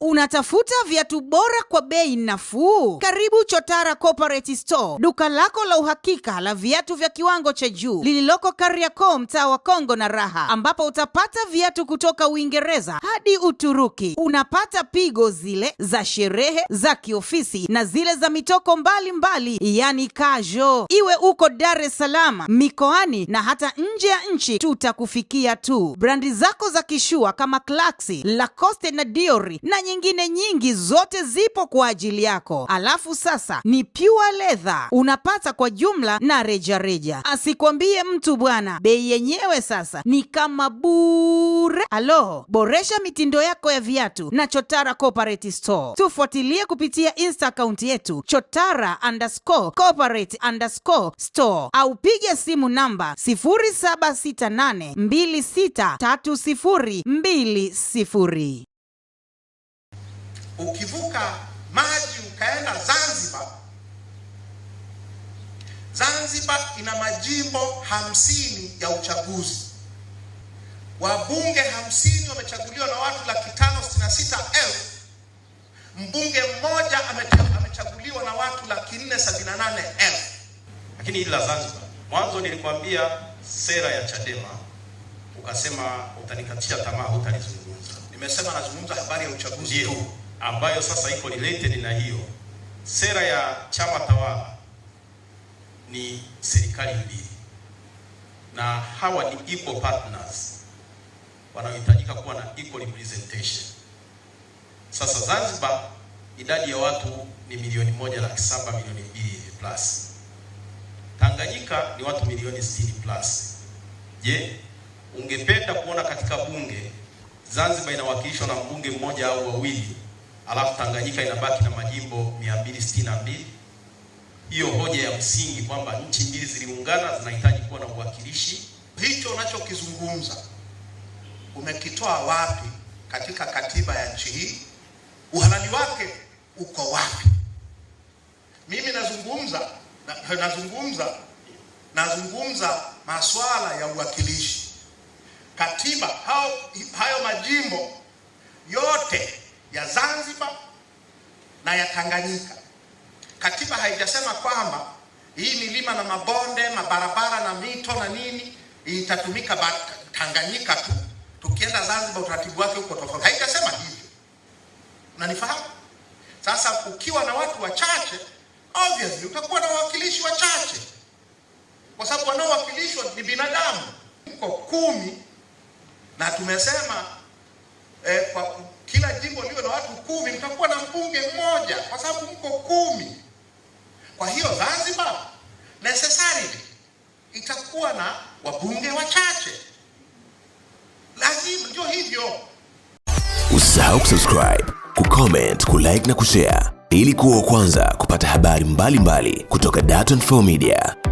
Unatafuta viatu bora kwa bei nafuu? Karibu Chotara Corporate Store, duka lako la uhakika la viatu vya kiwango cha juu lililoko Kariakoo, mtaa wa Kongo na Raha, ambapo utapata viatu kutoka Uingereza hadi Uturuki. Unapata pigo zile za sherehe, za kiofisi na zile za mitoko mbalimbali mbali, yani kajo. Iwe uko Dar es Salaam, mikoani na hata nje ya nchi, tutakufikia tu. Brandi zako za kishua kama Clarks, Lacoste na Diori na nyingine nyingi zote zipo kwa ajili yako. Alafu sasa ni pure leather unapata kwa jumla na rejareja, asikwambie mtu bwana. Bei yenyewe sasa ni kama bure. Alo, boresha mitindo yako ya viatu na Chotara Corporate Store. Tufuatilie kupitia insta akaunti yetu Chotara underscore corporate underscore store au piga simu namba 0768263020. Ukivuka maji ukaenda Zanzibar, Zanzibar ina majimbo hamsini ya uchaguzi. Wabunge hamsini wamechaguliwa na watu laki tano sitini na sita elfu. Mbunge mmoja amechaguliwa na watu laki nne sabini na nane elfu. Lakini hili la Zanzibar, mwanzo nilikwambia sera ya Chadema, ukasema utanikatia tamaa, hutalizungumza. Nimesema nazungumza habari ya uchaguzi huu ambayo sasa iko related na hiyo sera ya chama tawala ni serikali mbili, na hawa ni equal partners wanaohitajika kuwa na equal representation. Sasa Zanzibar idadi ya watu ni milioni moja laki saba milioni mbili plus, Tanganyika ni watu milioni sitini plus. Je, ungependa kuona katika bunge Zanzibar inawakilishwa na mbunge mmoja au wawili? alafu Tanganyika inabaki na majimbo 262. Hiyo hoja ya msingi kwamba nchi mbili ziliungana zinahitaji kuwa na uwakilishi, hicho unachokizungumza umekitoa wapi katika katiba ya nchi hii? Uhalali wake uko wapi? Mimi nazungumza na, nazungumza nazungumza masuala ya uwakilishi katiba hao, hayo majimbo yote ya Zanzibar na ya Tanganyika. Katiba haijasema kwamba hii milima na mabonde, mabarabara na mito na nini itatumika Tanganyika tu, tukienda Zanzibar utaratibu wake uko tofauti. Haijasema hivyo, unanifahamu? Sasa ukiwa na watu wachache, obviously utakuwa na wawakilishi wachache, kwa sababu wanaowakilishwa ni binadamu. uko kumi na tumesema eh, kwa kila jimbo liwe na watu kumi, mtakuwa na mbunge mmoja kwa sababu mko kumi. Kwa hiyo Zanzibar necessarily itakuwa na wabunge wachache, lazima ndio hivyo. Usisahau kusubscribe, kucomment, kulike na kushare ili kuwa wa kwanza kupata habari mbalimbali mbali kutoka Dar24 Media.